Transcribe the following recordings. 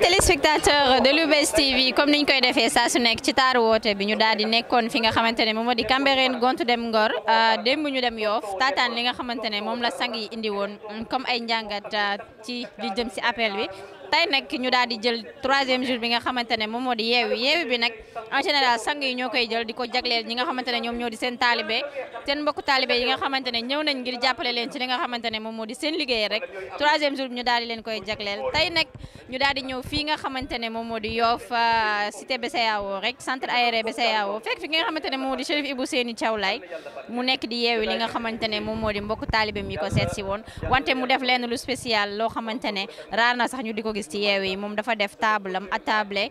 téléspectateurs de Lou'Bess TV comme ni ñu koy defee saa su nekk ci taaru woote bi ñu daal di nekkoon fi nga xamante ne moom moo di Cambérène gontu dem Ngor euh, démb ñu dem Yoff taataan li nga xamante ne moom la sang yi indi woon comme ay njàngat euh, ci li jëm si appel bi tey nag ñu daal di jël troisième jour bi nga xamante ne moom moo di yeewi yeewi bi nag en sang yi ñoo koy jël di ko jagleel ñi nga xamante ne ñoom ñoo di seen taalibe seen mbokku taalibe yi nga xamante ne ñëw nañ ngir jàppale leen ci li nga ne moom moo di seen liggéey rek troisième jour bi nga xamante ne moom moo di Yoff euh, cité BCEAO rek centre aéré nga xamante ne moo di Chérif Ibou Seyni Thiaw Laye mu nekk di ne moom moo di mbokku taalibeem yi ko seet si woon wante mu def leen lu spécial loo xamante ne raar na sax ñu di ko gis ci yeew yi moom dafa def table am atable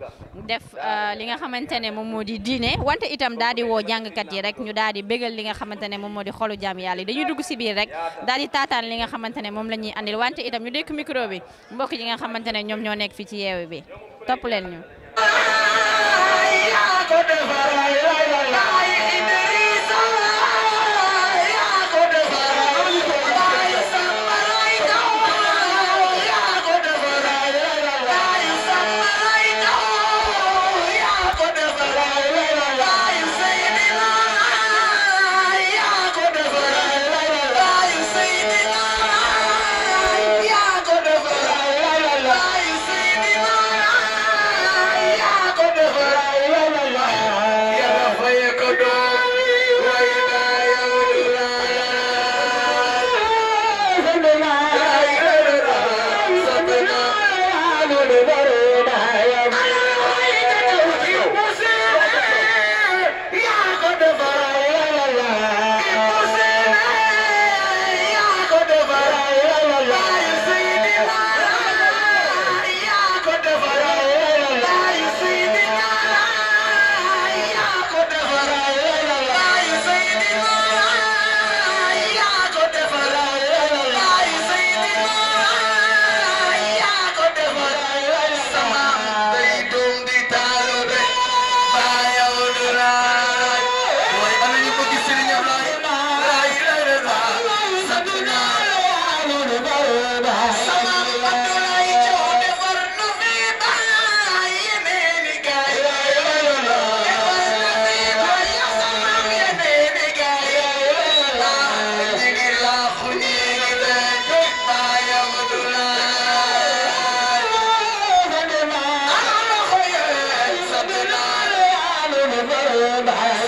def euh, li nga xamante ne moom moo di diine wante itam daal di woo jàngkat yi rek ñu daal di bégal li nga xamante ne moom moo di xolu jaam yàlla yi dañuy dugg si biir rek daal di taataan li nga xamante ne moom la ñuy andil wante itam ñu dékk micro bi mbokk yi nga xamante ne ñoom ñoo nekk fi ci yeew bi topp leen ñu. 的哎呀。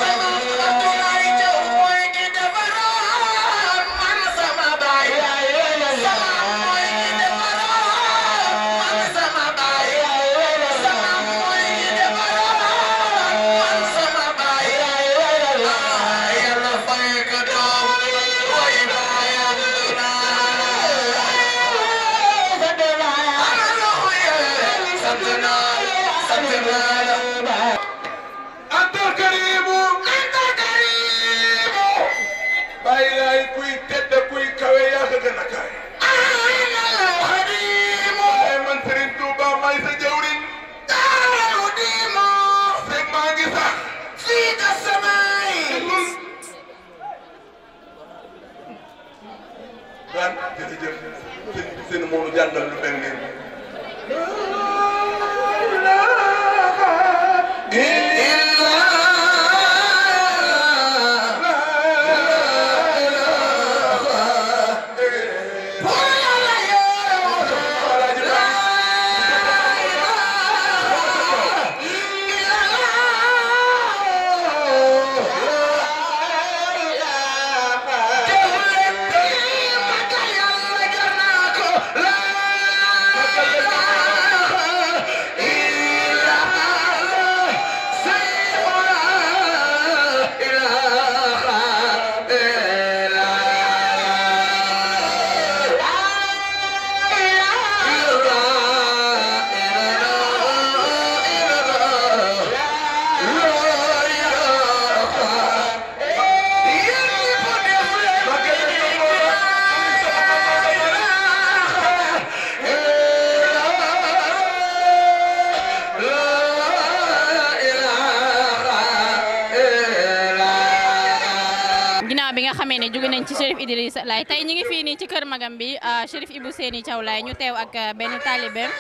xamee ne jóge nañ ci Chérif Idrissa Laye tey ñu ngi fii nii ci kër magam bi ah, Chérif Ibou Seyni Thiaw Laye ñu teew ak ah, benn taalibeem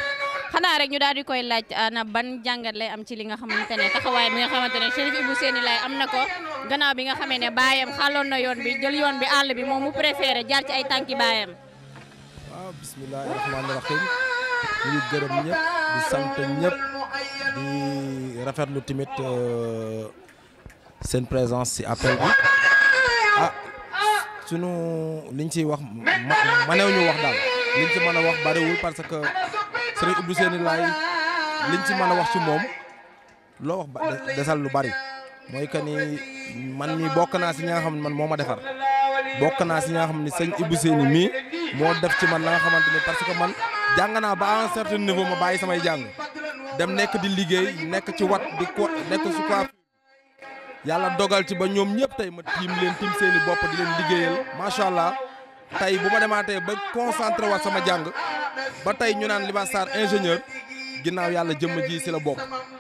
xanaa rek ñu daal di koy laaj ana ah, ban jàngat lay am ci li nga xamante ne taxawaay bi nga xamante ne Chérif Ibou Seyni Laye am na ko gannaaw bi nga xamee ne baayam xàlloon na yoon bi jël yoon bi àll bi moom mu préféré jaar ci ay tànki baayam. waaw bismillahi rahmaani rahim ñu gërëm ñëpp di sant ñëpp di rafetlu tamit euh, seen présence ci appel sunu liñ ciy wax maneew ñu wax daal liñ ci mën a wax bariwul parce que sëriñ Ibou Seyni Laay liñ ci mën a wax ci moom loo wax ba desal lu bari mooy que ni man mii bokk naa si ñi xam ne man moo ma defar bokk naa si ñi xam ne sëñ Ibou Seyni mii moo def ci man la nga xamante ni parce que man jàng naa ba à un certain niveau ma bàyyi samay jàng dem nekk di liggéey nekk ci wat di ko nekk su yàlla dogal ci ba ñoom ñëpp tey ma tiim leen tiim seen i bopp di leen liggéeyal macha allah tey bu ma demaatee ba concentré waat sama jàng ba tey ñu naan Libasse ingénieur ginnaaw yàlla jëmm ji si la bokk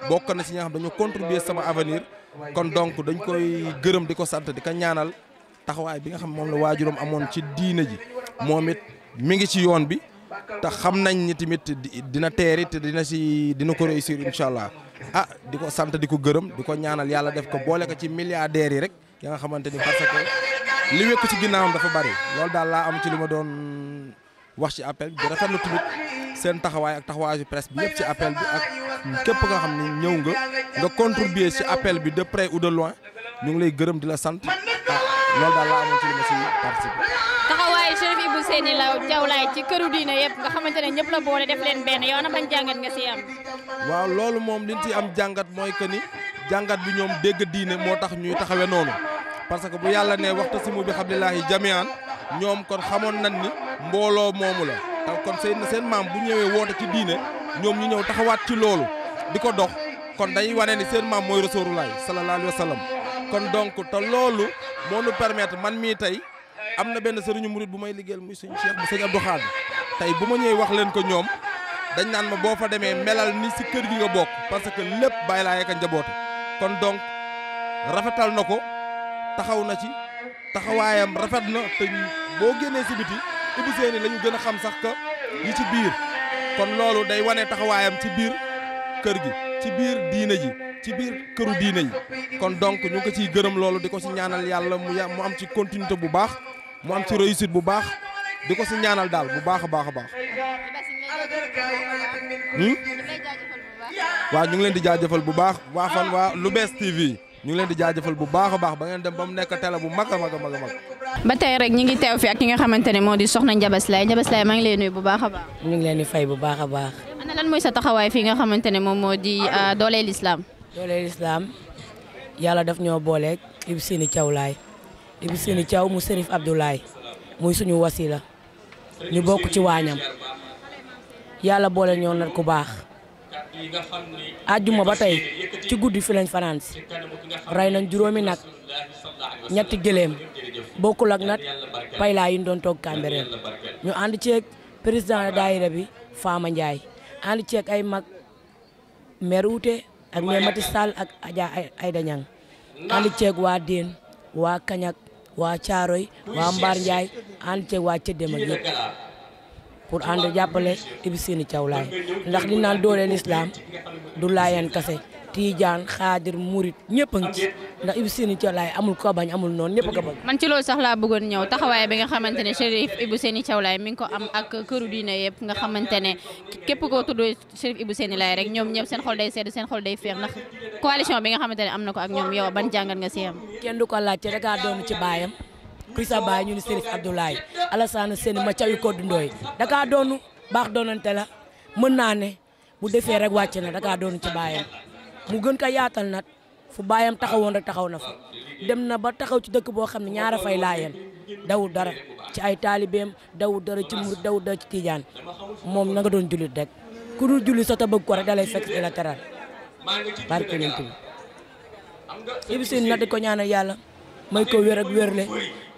bokk na si ñoo xam dañu contribuer sama avenir kon donc dañ koy gërëm di ko sant di ko ñaanal taxawaay bi nga xam moom la waajuram amoon ci diine ji moom it mi ngi ci yoon bi te xam nañ ni tamit dina teeri te dina si dina ko réussir incha allah ah di ko sant di ko gërëm di ko ñaanal yàlla def ko boole ko ci milliardaires yi rek ya nga xamante ni parce que li wékk ci ginnaawam dafa bari loolu daal laa am ci lu ma doon wax ci appel bi rafetlu tamit seen taxawaay ak taxawaayu presse bi yëpp ci appel bi ak képp nga xam ni ñëw nga nga contribuer ci appel bi de près ou de loin ñu ngi lay gërëm di la sant ah, loolu daal laa amoon ci li Seyni la Jawlaay ci këru diine yëpp nga xamante ne ñëpp la boole def leen benn yow na jàngat nga si am. waaw loolu moom liñ ci am jàngat mooy que ni jàngat bi ñoom dégg diine moo tax ñuy taxawee noonu parce que bu yàlla ne waxtasimu bi hablillahi jami'an ñoom kon xamoon nañ ni mbooloo moomu la. kon seen seen maam bu ñëwee woote ci diine ñoom ñu ñëw taxawaat ci loolu di ko dox kon day wane ni seen maam mooy rasoolulaay sallallahu alayhi wa sallam kon loolu permettre man mii tey. am na benn sëriñu murit bu may liggéeyal muy sëñ Cheikh bu sëñ Abdou Khadre tey bu ma ñëwee wax leen ko ñoom dañ naan ma boo fa demee melal ni si kër gi nga bokk parce que lépp bàyyi laa yekka njaboote kon donc rafetal na ko taxaw na ci taxawaayam rafet na te boo génnee si biti Ibou Seyni la ñu gën a xam sax que yi ci biir kon loolu day wane taxawaayam ci biir kër gi ci biir diine ji ci biir këru diine yi kon donc ñu ngi ko ciy gërëm loolu di ko ci ñaanal yàlla mu am ci continuité bu baax mu am ci réussite bu baax di ko si ñaanal daal bu baax a baax a baax. Hmm? waaw ñu ngi leen di jaajëfal bu baax waa fan waa Lou'Bess TV ñu ngi leen di jaajëfal bu baax a baax ba ngeen dem ba mu nekk télé bu mag a mag a mag a mag. ba tey rek ñi ngi teew fi ak ki nga xamante ne moo di soxna Ndiabas Laye Ndiabas Laye maa ngi bu baax a baax. ñu ngi leen di fay bu baax a baax. a lan mooy sa taxawaay fii nga xamante ne moom moo di ah, dooleel islam. dooleel islam yàlla def ñoo booleek Ibou Sini cawlaay Ibou Seyni Thiaw mu Serif Abdoulaye muy suñu wasila ñu bokk ci waañam yàlla boole ñoo nat ku baax àjjuma ba tey ci guddi fi lañ fanaan si rey nañ juróomi nag ñetti gëléem bokkul ak nag paylaa yi ñu doon toog Cambérène ñu ànd ceeg président daayira bi Fama njaay ànd ceeg ay mag maire Wute ak maire Mati Sall ak Adja Aïda Niang ànd ceeg waa Déen waa Kañak waa Caaroy waa Mbar Ndiaye ànd ceeg waa Cëddeem ak ñëpp pour ànd jàppale Ibou Seny Thiaw Laye ndax li naan dooleel islam du laayeen kase Tiijaan xaadir murit ñëpp a ngi ci ndax Ibou Seny Thiaw Laye amul ko bañ amul noon ñëpp a ko bañ. man ci lool sax laa bëggoon ñëw taxawaay bi nga xamante ne Chérif Ibou Seny Thiaw ngi ko am ak këru diine yëpp nga xamante ne képp koo tudd Chérif Ibou Seny Laye rek ñoom ñëpp seen xol day sedd seen xol day féex ndax coalition bi nga xamante ne am na ko ak ñoom yow ban jàngat nga si a doon ci baayam. Krista Baye ñu ni Serif Abdoulaye Alassane Sène ma cayu Codou Ndoye dakaa doonu baax doonante la mën naa ne bu defee rek wàcc na dakaa doonu ci baayam mu gën ka yaatal nag fu baayam taxawoon rek taxaw na fa dem na ba taxaw ci dëkk boo xam ne ñaara fay laayeen dawul dara ci ay da dawul dara ci murid dawul dara ci tijaan moom na nga doon jullit rek ku juli jullit sa ta bëgg ko rek da lay fekk di la teral yàlla may ko wér ak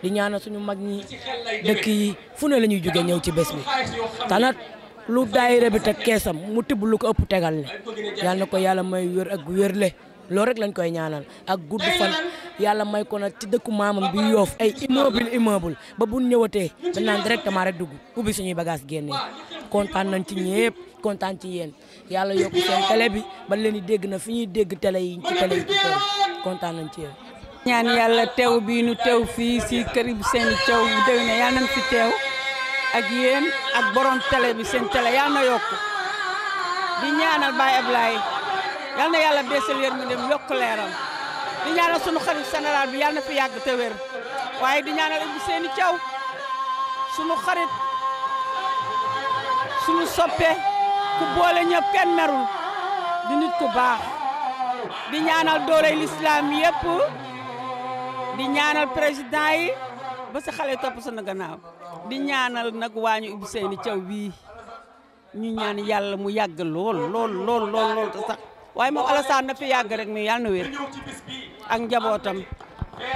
di ñaanal suñu mag ñi dëkk yi fu ne la ñuy jóge ñëw ci bés bi tanat lu daayira bi teg keesam mu tibb lu ko ëpp tegal le yal na ko yàlla may wér ak wérle loolu rek lañ koy ñaanal ak gudd fan yàlla may kon nag ci dëkku maamam bi yoof ay immeuble immeuble ba bu ñëwatee maintenant directement rek dugg ubbi suñuy bagage génnee kontaan nañ ci ñëpp kontaan ci yéen yàlla yokk seen bi ba leen di dégg na fu ñuy dégg télé yi ci télé yi ci kontaan nañ ci yéen ñaan yàlla teew bii nu teew fii si kër bi seen teew bu déwénee yal nañ fi teew ak yéen ak borom télé bi seen télé yal na yokk di ñaanal Baye Ablaye yal na yàlla beesal yéen mu dem yokk leeram di ñaanal sunu xarit général bi yal na fi yàgg te wér waaye di ñaanal Ibou Seyni Thiaw sunu xarit sunu soppe ku boole ñëpp di nit ku di ñaanal dooley lislaam yépp di ñaanal président yi ba si xale topp sa gannaaw di ñaanal nag waa ñu ubbi seeni caw bii ñu ñaan yàlla mu yàgg lool lool lool lool lool te sax waaye moom Alassane na fi yàgg rek mais yàlla na wér ak njabootam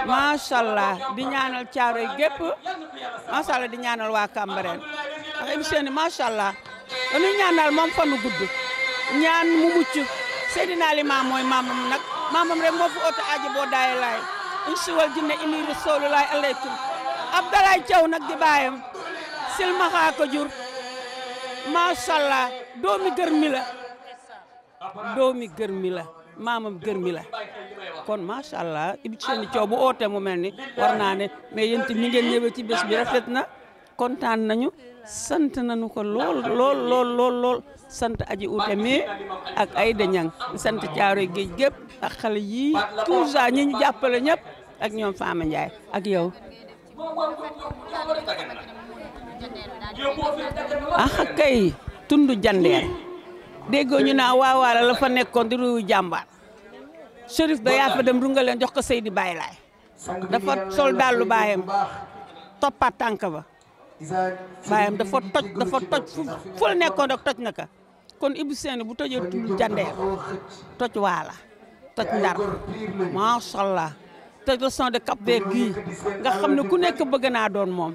macha allah di ñaanal caaro yi gépp macha di ñaanal waa Cambérène ndax émission ni macha allah dañuy fanu gudd ñaan mu mucc Seydina Limaamu mooy maamam nag maamam rek moo oto aji boo daayee insiwal jinne ini rasulullahi aleykum Abdoulaye caw nag di baayam silmaxa jur macha allah doomi gër mi la doomi gër mi la maamam gër mi la kon macha allah Ibou Seyni Thiaw bu oote mu mel ni war naa ne mais yéen tamit ngeen ñëwee ci bés bi rafet na kontaan nañu sant nañu ko lool lool lool lool lool sant aji utame ak Ayda Ñang sant Caaroy géej gépp ak xale yii tout ñi jàppale ñëpp ak ñoom Fama Ndiaye ak yow ah kay tund jandeer déggoo ñu naa waawaala la fa nekkoon di ruyu jàmbaar Chérif ba yaa fa dem rungaleen jox ko Seydi baay Laay dafa sol daal lu baayam toppaat tànk ba baayam dafa toj dafa toj fu la nekkoon rek toj na ka kon Ibou Sène bu tojee tudd jandeer toj waala toj ndar macha allah toj région de Cap Vert nga xam ne ku nekk bëgg naa doon moom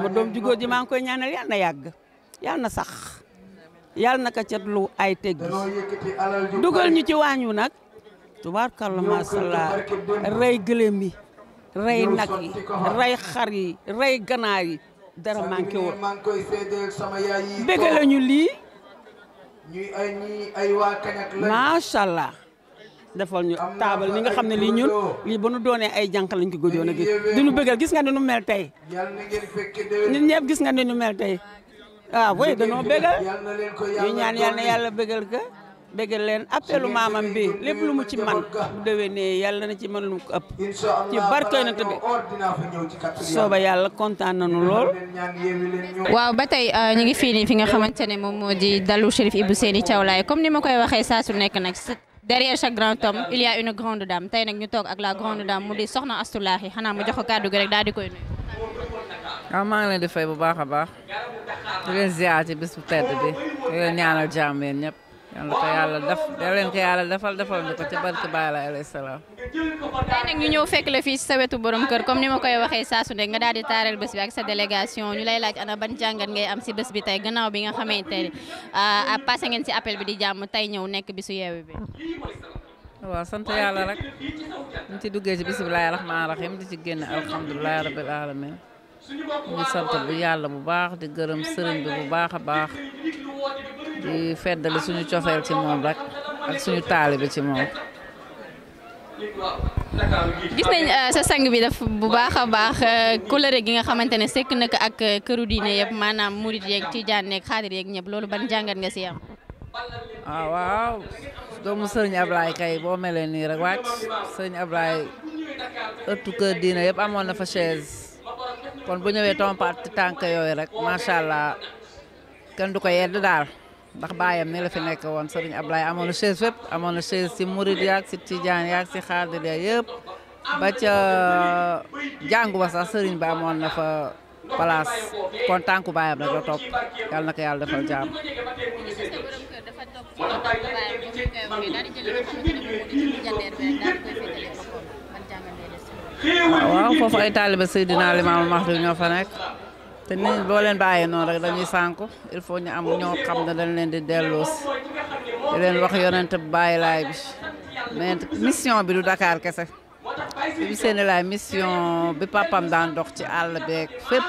ma doom ju góor ji maa ngi koy ñaanal yàlla na yàgg yàlla na sax yàlla na ko cat lu ay teggi dugal ñu ci waañu nag tubaarkalla macha allah rey gëléem yi rey nag yi rey xar yi rey ganaar yi dara manqué woon maa ngi koy seedeel sama yaay yi lii ñuy ay ñi ay waa kañak lañ macha ñu taabal ni nga xam ne lii ñun lii ba nu doonee ay janq lañ ko gëjoon a gis di nu bëggal gis nga ne nu mel tey ñun ñëpp gis nga ne nu mel tey ah, waaw booy danoo bëggal ñu ñaan yàlla bëggal ka bégal leen appelu maamam bi lépp lu mu ci man bu déwénee yàlla na ci mën lu mu ko ëpp ci barke na tëdd sooba yàlla kontaan nañu lool waaw ba tey euh, ñu ngi fii nii fi nga xamante ne moom moo di dalu Chérif Ibou Seny Thiawlaye comme ni ma koy waxee saa su nekk nag derrière chaque grand homme il y a une grande dame tey nag ñu toog ak la grande dame mu di soxna Astulaahi xanaa mu jox ko kàddu gi rek daal koy nuyu waaw maa ngi leen di fay bu baax a baax di leen ziar ñëpp yal na ko yàlla def yal leen ko yàlla defal defal ñu ko ci barke Baay Laay alayhi salaam. tey nag ñu ñëw fekk la fii sa wetu borom kër comme ni ma koy waxee saasu su nekk nga daal di taareel bés bi ak sa délégation ñu lay laaj ana ban jàngat ngay am si bés bi tey gannaaw bi nga xamante ne ah, ah, passé ngeen si appel bi di jàmm tey ñëw nekk bi bisu yeewu bi. waaw sant yàlla rek ñu ci duggee ci bisimilah rahmaani rahim di ci génn alhamdulilah rabil alamin ñu sant bu yàlla bu baax di gërëm sëriñ bi bu baax a baax. di feddali suñu cofeel ci moom rek ak suñu bi ci moom. gis nañ euh, sa sang bi daf bu baax a baax kóllëre euh, gi nga xamante ne sekk na ko ak euh, këru diine yëpp maanaam murit yeeg tijaan yeeg xaadir yeeg ñëpp loolu ban jàngat nga si am. ah waaw doomu sëriñ Ablaye kay boo melee nii rek wàcc sëriñ Ablaye ëttu kër diine yëpp amoon na fa chaise kon bu ñëwee tompaat tànk yooyu rek macha allah kenn du ko yedd daal. ndax baayam ni nekk woon sëriñ Ablaye amoon na chaise fépp amoon na chaise si murid yaag si tijaan yaag si xaadir yaag yëpp ba ca ba sax sëriñ ba amoon na fa place kon tànku baayam rek la topp yàlla na ko yàlla defal jaam. waaw foofu ay taaliba Seydina Limaamu Mahdi ñoo fa nekk. te nit boo leen bàyyee noonu rek dañuy sànku il faut ñu am ñoo xam ne dañ leen di delloo di leen wax yonent bàyyi laay bi mission bi du dakaar kese bi seeni laay mission bi papam daan dox ci àll beeg fépp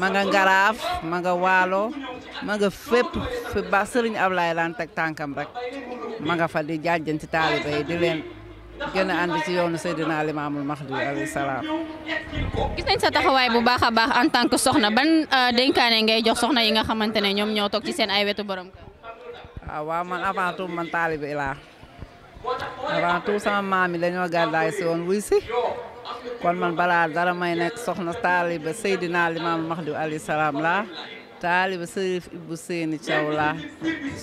ma nga ngaraaf ma nga waalo ma nga fépp fi ba sëriñ Ablaye daan teg tànkam rek ma nga fa di jàjjanti taaliba yi di gën a ànd ci yoonu Seydina Limaamul Mahdi alayhi salaam. gis nañ sa taxawaay bu baax a baax en tant que soxna ban euh, dénkaane ngay jox soxna yi nga xamante ne ñoom ñoo toog ci seen ay wetu borom. waaw ah, waaw man avant tout man taalibe laa avant sama maam yi dañoo gàddaay si woon wuy si kon man balaa dara may nekk soxna taalibe Seydina Limaamul Mahdi alayhi salaam laa. taalibe sërif bu Seyni Thiaw laa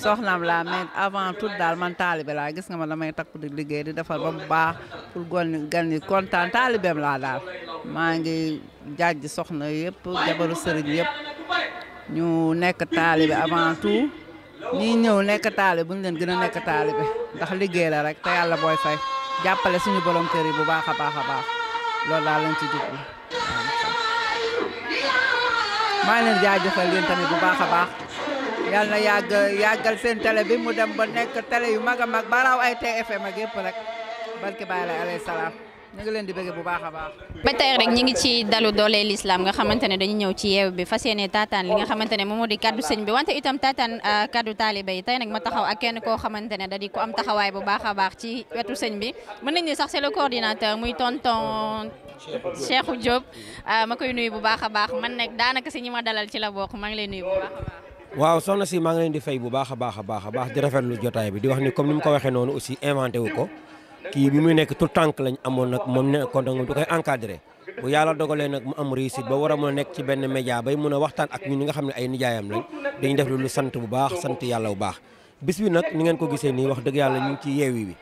soxnaam laa mais avant tout daal man taalibe laa gis nga ma damay takku di liggéey di defar ba mu baax pour gon gan yi kontaan taalibeem laa daal maa ngi jaaj soxna yëpp jabaru sëriñ yëpp ñu nekk taalibe avant tout ñi ñëw nekk taalibe bu leen gën a nekk ndax liggéey la rek te yàlla booy fay jàppale suñu borom kër yi bu baax a baax a baax loolu daal lañ ci jublu maa leen jaajëfal leen tamit bu baax a baax yal na yàgg yàggal seen télé bi mu dem ba nekk télé yu mag a mag baraaw ay TFM ak yëpp rek barke Baay la alayhi salaam ñu leen di bëgg bu baax a baax. ba tey rek ñu ngi ci dalu doole lislaam nga xamante ne dañu ñëw ci yeew bi fa yéene taataan li nga xamante ne moom moo di kaddu sëñ bi wante itam taataan euh, kaddu taalibe yi tey nag ma taxaw ak kenn koo xamante ne da di ko am taxawaay bu baax a baax ci wetu sëñ bi mën nañ ni sax c'est le Cheikhou Diop ah, ma koy nuyu bu baax a baax man nag daanaka si ñi ma dalal ci la bokk maa ngi lay nuyu bu baax a baax. waaw soxna si maa ngi leen di fey bu baax a baax a baax a baax di rafetlu jotaay bi di wax ni comme ni mu ko waxee noonu aussi inventé wu ko kii bi muy nekk tout tànk lañ amoon nag moom nekkoon nag moom du koy encadré. bu yàlla dogalee nag mu am réussite ba war a mën a nekk ci benn média bay mun a waxtaan ak ñun ñi nga xam ne ay nijaayam la dañuy def lu sant bu baax sant yàlla bu baax bis nag ni ngeen ko gisee nii wax dëgg yàlla ñu ngi ci yeewi bi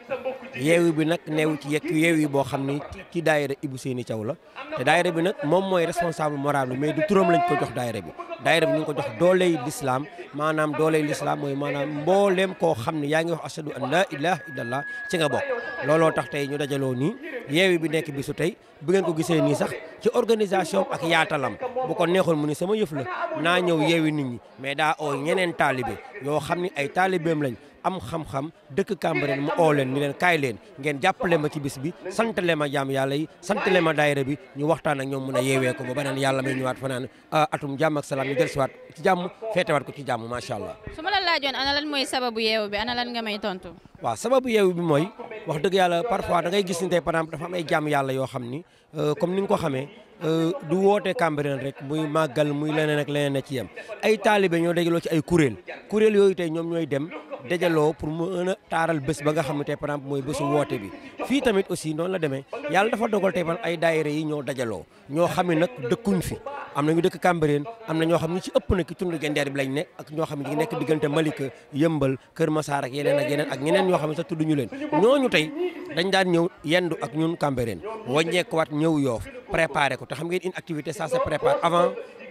yeewi bi nag neew ci yekk yeewi boo xam ni ci daayira Ibou Seyni Thiaw la te daayira bi nag moom mooy responsable moral bi mais du turam lañ ko jox daayira bi daayira bi ko jox dooley lislaam maanaam dooley lislaam mooy maanaam mbooleem koo xam ne yaa ngi wax ashadu an laa ilaha la ci nga bokk looloo tax tey ñu dajaloo nii yeewi bi nekk bi su tey bu ngeen ko gisee nii sax ci organisation ak yaatalam bu ko neexoon mu ni sama yëf la naa ñëw yeewi nit ñi mais daa oo ñeneen taalibe yoo xam ni ay taalibeem lañ am xam-xam dëkk Cambérène mu oo leen ni leen kaay leen ngeen jàppale ma ci bis bi santale ma jaam yàlla yi santale ma daayira bi ñu waxtaan ak ñoom mun a yeewee ko ba naan yàlla may ñëwaat fanaan atum jàmm ak salaam ñu dellusiwaat ci jàmm feetewaat ko ci jàmm macha allah. su lan mooy sababu yeewu bi ana lan nga may tontu. waaw sababu yeewu bi mooy wax dëgg yàlla parfois da ngay gis ni tey par exemple dafa am ay jaam yàlla yoo xam ni e, comme ni nga ko xamee e, du woote Cambérène rek muy màggal muy leneen ak leneen a ci yem ay taalibe ñoo dajaloo ci ay kuréel kuréel yooyu tey ñoom ñooy dem dajaloo pour mu mën a taaral bés ba nga xam ne tey par exemple mooy bésu woote bi fii tamit aussi noonu la demee yàlla dafa dogal tey par ay daayira yi ñoo dajaloo ñoo xam ne nag dëkkuñ fi am na ñu dëkk Cambérène am na ñoo xam ne ci ëpp na ki tund jandeer bi lañ ne ak ñoo xam ne ñi nekk diggante Malika Yëmbal Kër Masaar ak yeneen ak yeneen ak ñeneen ñoo xam ne sax tudd ñu leen ñooñu tey dañ daan ñëw yendu ak ñun Cambérène waññeekuwaat ñëw yoof préparé ko te xam ngeen une activité ça se prépare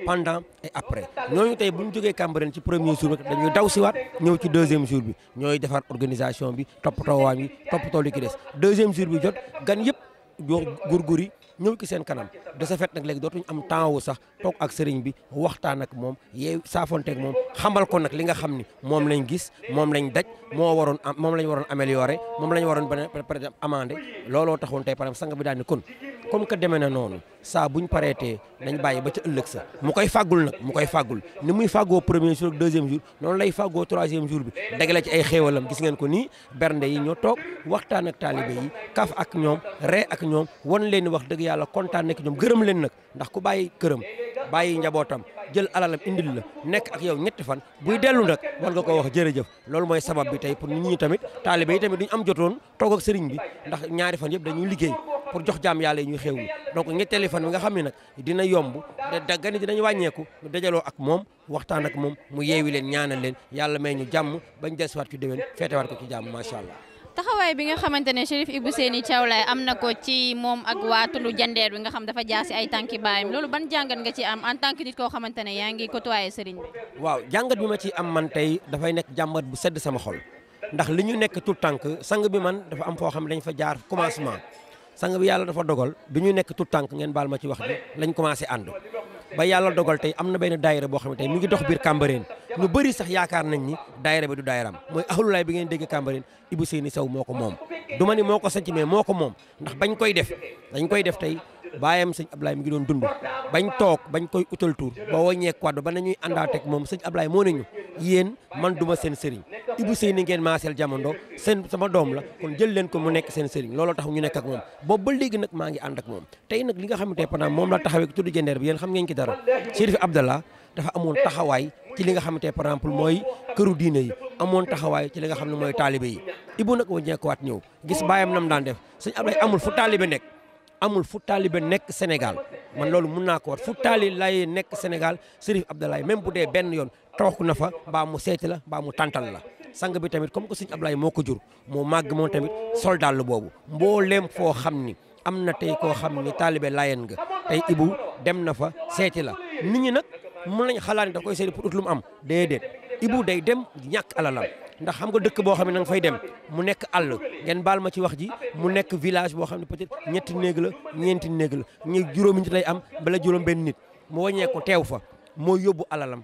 pendant et après ñooñu tey bu ñu jógee Cambérène ci premier jour bi daw siwaat ñëw ci deuxième jour bi ñooy defar organisation bi toppatoo waañ bi toppatoo li ki des deuxième jour bi jot gan yëpp jox gurgur yi ñëw ci seen kanam de ce fait nag léegi dootuñu am temps wu sax toog ak sëriñ bi waxtaan ak moom yeew saafonteeg moom xamal ko nag li nga xam ni moom lañ gis moom lañ daj moo waroon moom lañ waroon améliorer moom lañ waroon par exemple amender looloo taxoon tey par exemple sang bi daal kon comme que demee na noonu saa buñ ñu pareetee nañ bàyyi ba ca ëllëg sa mu koy fàggul nag mu koy fàggul ni muy fagoo premier jour deuxième jour noonu lay fagoo troisième jour bi dagale ci ay xéewalam gis ngeen ko nii bernde yi ñoo toog waxtaan ak taalibe yi kaf ak ñoom ree ak ñoom won leen wax dëgg yàlla kontaan nekk ñoom gërëm leen nag ndax ku bàyyi këram bàyyi njabootam jël alalam indil la nekk ak yow ñetti fan buy dellu nag war nga koo wax jërëjëf loolu mooy sabab bi tey pour nit ñi tamit taalibe yi tamit duñ am jotoon toog ak sëriñ bi ndax ñaari fan yëpp dañuy liggéey pour jox jaam yàlla yi ñuy xewlu donc ñetteeli fan bi nga xam ne nag dina yomb te daggani dinañ wàññeeku ñu dajaloo ak moom waxtaan ak moom mu yeewi leen ñaanal leen yàlla may ñu jàmm bañ dellusiwaat ci déwén feetewaat ko ci jàmm macha allah taxawaay bi nga xamante ne Chérif Ibousseyni Thiaw Laye am na ko ci moom ak waa Tulu Jandeer bi nga xam dafa jaar jaasi ay tànki baayam loolu ban jàngat nga ci am en tànk que nit koo xamante ne yaa ngi côtoyé sëriñ bi waaw jàngat bi ma ci am man tey dafay nekk jàmbat bu sedd sama xol ndax li ñu nekk tout tànk sang bi man dafa am foo xam ne dañ fa jaar commencement sang bi yàlla dafa dogal bi ñu nekk tout tànk ngeen baal ma ci wax bi lañ commencé ànd ba yàlla dogal tey am na benn daayira boo xam ne tey mu ngi dox biir Cambérène ñu bëri sax yaakaar nañ ni daayira bi du daayiram mooy ahlulaay bi ngeen dégg Cambérène Ibou Seyni Sow moo ko moom du ma ni moo ko sanc mee moo ko moom ndax bañ koy def dañ koy def tey baayam sëñ Ablaye mi ngi doon dund bañ toog bañ koy utal tuut ba waññee kwaddu ba nañuy moom sëñ Ablaye moo nañu yéen man duma seen sëriñ Ibou Seyni ngeen maaseel jamono seen sama doom la kon jël leen ko mu nekk seen sëriñ looloo tax ñu nekk ak moom boobu ba nag maa ngi ànd ak moom tey nag li nga xamante pendant moom la taxawee tudd jendeer yéen xam ngeen ci dara Chérif Abdallah dafa amoon taxawaay ci li nga xamante par exemple mooy këru diine yi amoon taxawaay ci li nga xam ne mooy taalibe yi Ibou nag waññeekuwaat ñëw gis baayam nam daan def sëñ Ablaye amul fu taalibe nekk amul fu taalibe nekk Sénégal man loolu mun naa ko war fu taali lay nekk Sénégal Serif Abdoulaye même bu dee benn yoon toog na fa mbaa mu seeti la mbaa mu tantal la sang bi tamit comme que Serigne Abdoulaye moo ko jur moo màgg moom tamit soldat boobu mbooleem foo xam ni am na tey koo xam ni taalibe layen nga tey Ibou dem na fa seeti la nit ñi nag mën nañ xalaat ni da koy seeti pour ut lu mu am déedéet Ibou day dem ñàkk alalam ndax xam nga dëkk boo xam ne nga fay dem mu nekk àll ngeen baal ma ci wax ji mu nekk village boo xam ne peut-être ñetti néeg la ñeenti néeg la ñu juróomi nit lay am bala juróom benn nit mu wàññeeku teew fa mooy yóbbu alalam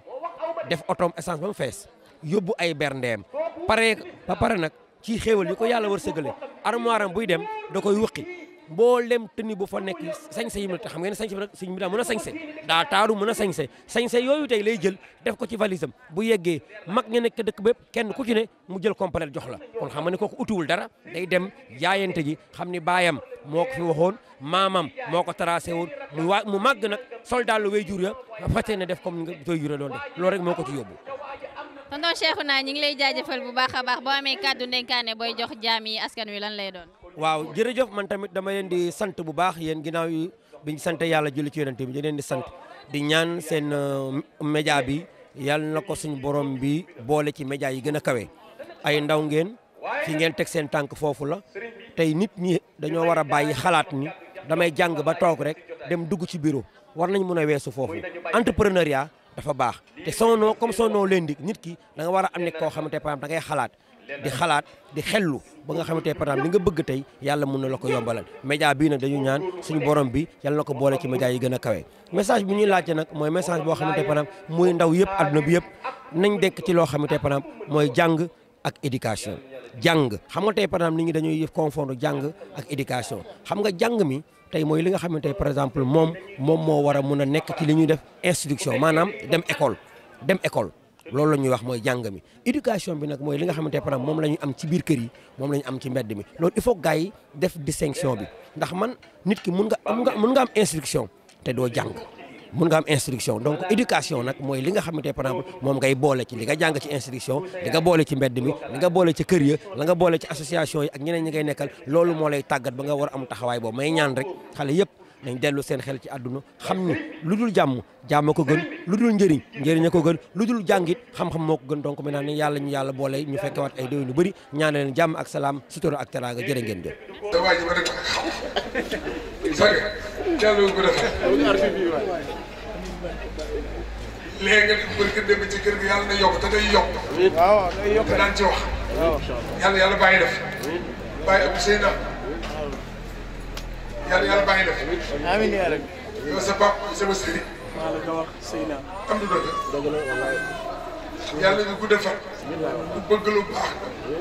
def otoom essence ba mu fees yóbbu ay berndeem pare ba pare nag ci xéewal yi ko yàlla war sëgale armoire am buy dem da koy wuqi mboolem tëni bu fa nekk sañse yi mu la te xam ngeen sañse bi nag sëñ bi daa mën a sañse daa taaru mën a sañse sañse yooyu tey lay jël def ko ci valise am bu yeggee mag ña nekk dëkk bépp kenn ku ci ne mu jël complet jox la kon xam nga ne ko utiwul dara day dem jaayante ji xam ni baayam moo ko fi waxoon maamam moo ko tracé woon mu waa mu màgg nag soldat lu way jur ya fàtte ne def comme nga way jur doon def loolu rek moo ko ci yóbbu tonton Cheikhouna ñu ngi lay jaajëfal bu baax a baax boo amee kàddu ndenkaane booy jox jaam yi askan wi lan lay doon waaw jërëjëf man tamit dama leen di sant bu baax yéen ginnaaw yi biñ sant yàlla julli ci yonent bi di leen di sant di ñaan seen uh, média bi yàlla na ko suñu borom bi boole ci média yi gën a kawe ay ndaw ngeen fi ngeen teg seen tànk foofu la tey nit ñi dañoo war a bàyyi xalaat ni damay jàng ba toog rek dem dugg ci bureau war nañ mun a weesu foofu entrepreneuriat dafa baax te son nom comme son leen di nit ki da war a am ne koo xamante ne par exemple da ngay xalaat di xalaat di xellu ba nga xam ne par exemple li nga bëgg tey yàlla mun na la ko yombalal média bii nag dañu ñaan suñu borom bi yàlla na ko boole ci média yi gën a kawe message bi ñuy laajte nag mooy message boo xamante ne par exemple muy ndaw yëpp adduna bi yëpp nañ denk ci loo xamante ne par exemple mooy jàng ak éducation jàng xam nga tey par exemple nit ñi dañuy confondre jàng ak éducation xam nga jàng mi tey mooy li nga xamante ne par exemple moom moom moo war a mun a nekk ci li ñuy def instruction maanaam dem école dem école loolu la ñuy wax mooy jàng mi éducation bi nag mooy li nga xamante ne moom la am ci biir kër yi moom la am ci mbedd mi loolu il gay gars yi def distinction bi ndax man nit ki mun nga am nga mun nga am instruction te doo jàng mun nga am instruction donc éducation nag mooy li nga xamante ne par moom ngay boole ci li nga jàng ci instruction li nga boole ci mbedd mi li nga boole ci kër ya nga boole ci association yi ak ñeneen ñi ngay nekkal loolu moo lay tàggat ba nga war a taxawaay boobu may ñaan rek xale yëpp. nañ dellu seen xel ci àdduna xam ni lu dul jàmm jàmm ko gën lu dul njëriñ njëriñ a ko gën lu dul jàngit xam-xam moo ko gën donc maintenant ne yàlla ñu yàlla boole ñu fekke waat ay déwén yu bëri ñaanal leen jàmm ak salaam sutura ak teraanga jërë ngeen jëf léegi mbër gi dem ci kër gi yàlla def. yàlla yàlla bàyyi la fi. amiin yaa rabbi. yow sa pap sama sëriñ. maa la ko wax Seyna. am du doon yàlla nga guddal fan. bëgg lu baax.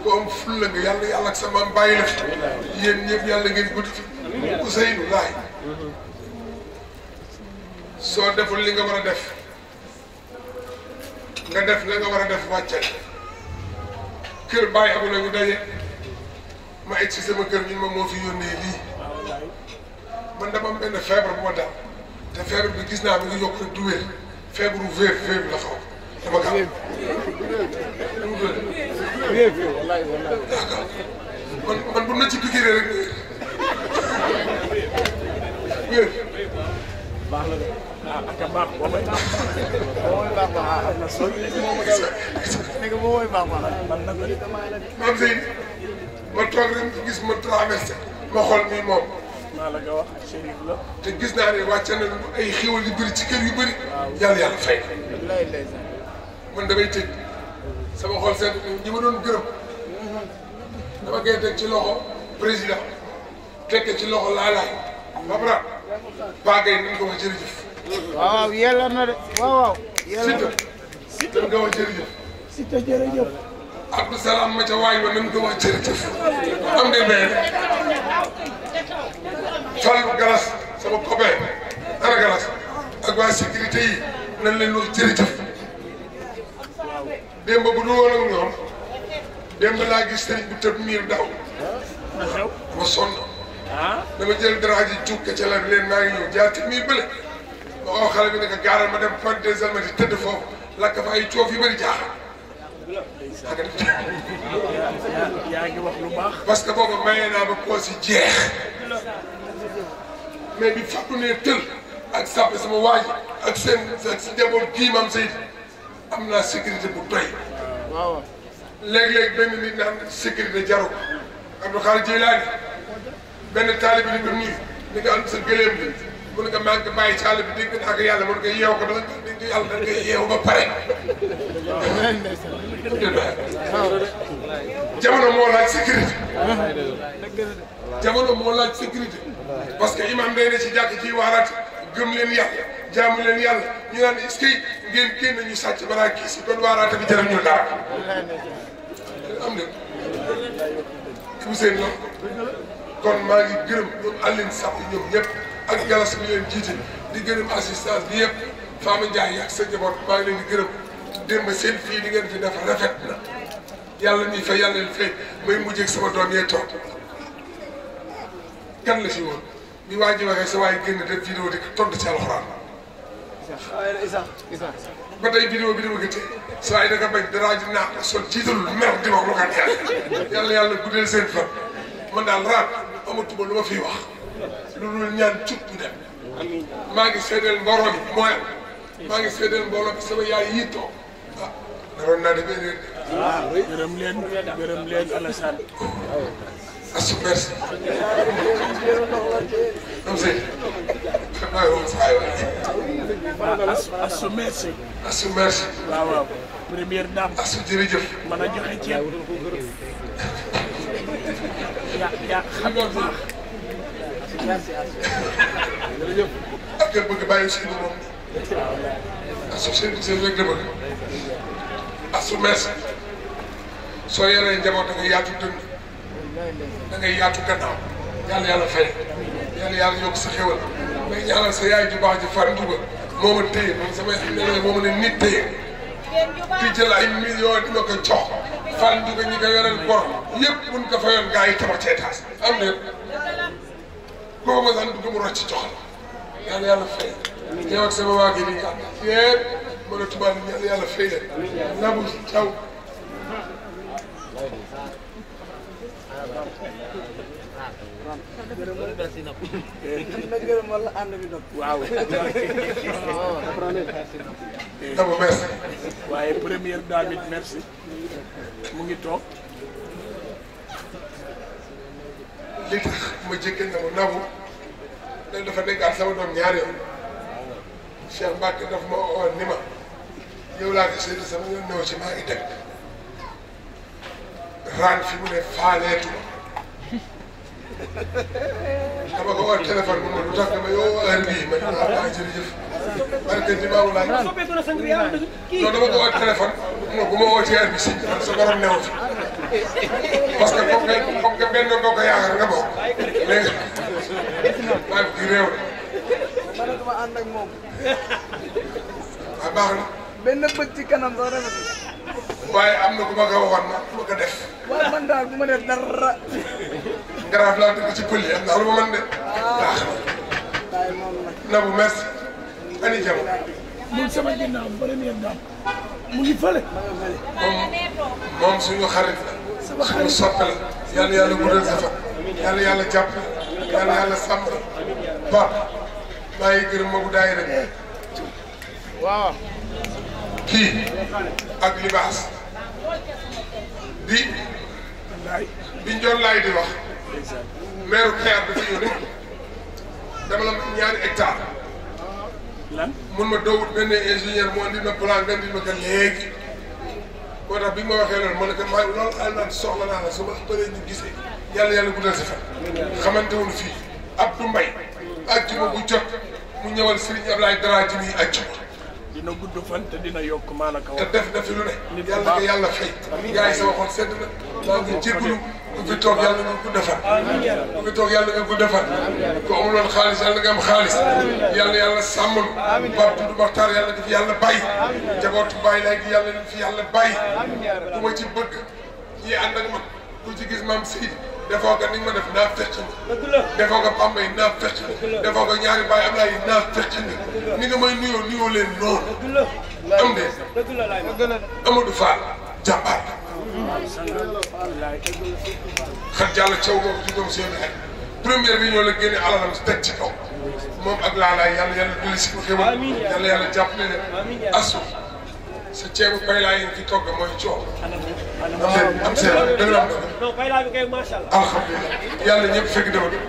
ku am ful la nga yàlla yàlla ak sama bàyyi la fi. yéen ñëpp yàlla ngeen gudd fi. Ousseynou mm-hmm. soo deful li nga war a def. nga def la nga war a def wàccal kër bàyyi amu na ñu daje ma egg si sama kër ñu moom moo fi yónnee lii man dama am benn feebar bu ma daal te feebar bi gis naa mi ngi yokk rek du wér feebaru wér wér la xaw dama gaaw. wér man man bu na ci piqûre rek wér. baax na de ah ak a baax boo may baax baax ah, na soo moom mooy baax baax man nag. maam Seydou ma toog rek gis ma traversé ma xool nii moom. maa la ko wax ak Chérif la. te gis naa ne wàcce na lu ay xéwal yu bëri ci kër yu bëri. yàlla yàlla fay. sama xol seet ñi ma doon teg ci loxo président tekk ci loxo laalaay. Babra Ba Gueye ni nga ko jërëjëf. waaw waaw na de waaw waaw. yàlla na Siteu nga wax jërëjëf. Siteu jërëjëf. Abdou Salam ma ca waay ba nañ Fallou Galas sama copain dara Galas ak waa sécurité yi nan leen wax jërëjëf démb bu du woon ak démb laa gis sëriñ bu tëb miir daw ma sonn ah? dama jël dara ji jukka ca la leen maa ngi ñëw jaati miir bële ma ko xale bi ne ko gaaral ma dem point des Almadies tëdd foofu lakk fa ay coof yu bëri jaaxal yaa ngi wax parce que boobu mayee naa ba poos yi jeex mais bi fàttu ne tël ak sàppe sama waaj ak seen ak sa njaboot gii maam Seydou am naa sécurité bu doy léeg-léeg benn nit naan sécurité jarul Abdou Khadre Jeylaani benn taalibe ni ko nii ni nga am sa gëléem bi mun nga maa ngi bàyyi ci bi dégg naa ko yàlla mun nga yeew ko da nga yàlla da nga yeew ba pare jamono moo laaj sécurité parce que imam day ne ci jàkk ci waaraat gëm leen yàlla jaamu leen yàlla ñu naan est-ce que ngeen génn ñu sàcc balaa kii si kon waaraate bi jëriñ ñu dara am de Ousseynou loolu kon maa ngi gërëm ñoom Aline Sall ñoom ñëpp ak galas bi leen jiite di gërëm assistance bi yëpp Fama Ndiaye ak sa njaboot maa ngi leen di gërëm démb seen fii di ngeen fi def rafet na yàlla nii fa yàlla leen fay may mujjee ak sama doom yee toog gan la fi woon bi waa ji waxee sa waaye génn def vidéo di tontu ci alxuraan. ba tey vidéo bi dama gëj sa waaye da nga bañ danaa ji naaq sol jiitalul mer di wax lu ko neex yàlla yàlla guddal seen fan man daal raat amatuma lu ma fiy wax loolu ñaan cub ñu dem. maa ngi seedeel mbooloo bi mooy maa ngi seedeel mbooloo bi sama yaay yi toog ah naroon naa demee leen de. waaw ah, gërëm leen gërëm leen Alassane Ah, eh. a submersa non sé xam naa woon sax aywa a submersa a submersa waaw waaw première dame asu jërëjëf mën a joxe ceeb ya ya xam nga baax jërëjëf ak nga bëgg bàyyi suñu moom asu seen rek dama asu mersa soo yoree njaboot da nga yaatu dund da ngay yaatu gannaaw yàlla yàlla fay yàlla yàlla yokk sa xéwal may ñaanal sa yaay ju baax ji far njuba moo ma téye man samay am na moo ma ne nit téye di jël ay millions di ma ko jox far njuba ñi ko yoreel bor yëpp mun ko fayoon gaa yi tabax cee taas am na koo ma san dugg mu rocc jox la yàlla yàlla fay waa gi nii yëpp mën a tubaab yàlla yàlla fay leen nabu caw waaw. Dabo merci. waaye première dame merci mu ngi toog. li ma jékkee ne ma nabu dañ dafa nekkaat sama doom ñaari yoon Cheikh Mbacke daf ma oo ni ma yow laa di seetlu sama yoon ñëw ci maa ngi dëkk fi mu ne faaleetuma dama ko war téléphone mu ne ma ne ko ah waaw jërëjëf. barke di baawu laay. non dama ko ma woo ci heure bi si man sa borom newu fi parce que comme que comme que benn boo ko yaakaar nga bokk léegi waaye bu kii réew la. man dama ànd ak moom. waaw ah, baax na. benn bëgg ci kanam na ku ma ko def. waaw man daal bu ma def dara. garaaf laa dëkk ci kulli am naa lu ma mën de baax ah. na bu merci ani jam mun sama ginnaaw premier daam mu ngi moom moom suñu xarit la suñu soppe yàlla yàlla guddal sa yàlla yàlla jàpp yàlla yàlla sàmm ba maa ngi gërëm ma bu rek waaw kii ak libaas bi bi njoon di wax meeru Kayar dafa yónni dama la ñaari hectare lan mun ma doowut benn ingénieur mu andi ma plan nga andi ma ko léegi moo bi ma waxee loolu ma ne ko maa loolu àll naan soxla naa la su ma gisee yàlla yàlla guddal si fan xamante woon fii Abdou Mbaye àjjuma bu jot mu ñëwal Serigne Ablaye Dara ji muy àjjuma dina gudd fan te dina yokk maanaam. te def na fi lu ne. yàlla ko yàlla fay. amiin sama xol sedd na. maa ngi jégalu ku fi toog yàlla nga gudd fan ku fi toog yàlla nga gudd fan ku amuloon xaalis yàlla nga am xaalis yàlla yàlla sàmmul Pape Doudou Makhtar yàlla daf yàlla bàyyi njabootu bàyyi lay gi yàlla daf yàlla bàyyi ku ma ci bëgg ak man ku ci gis maam Seydi defoo nga ni ma def naa fekk nga defoo nga Pamba yi naa fekk nga defoo nga ñaari yi naa fekk nga ni nga may nuyoo nuyoo leen noonu am de Amadou Fall jàmbaar xat jàll caw boobu ci doom seen ay première bi ñoo la génne alalam teg ci kaw moom ak laalaay yàlla yàlla dolli si ko sa ceebu bay laa yéen ki togg mooy coow. am seen alhamdulilah yàlla ñëpp fekk dama.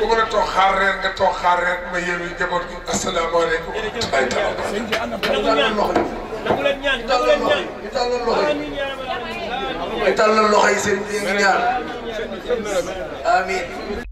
bu mën a toog xaar reer nga toog xaar reer ma yeewi njaboot gi asalaamaaleykum. ay tabax a tàllal a yi seen ñaan amiin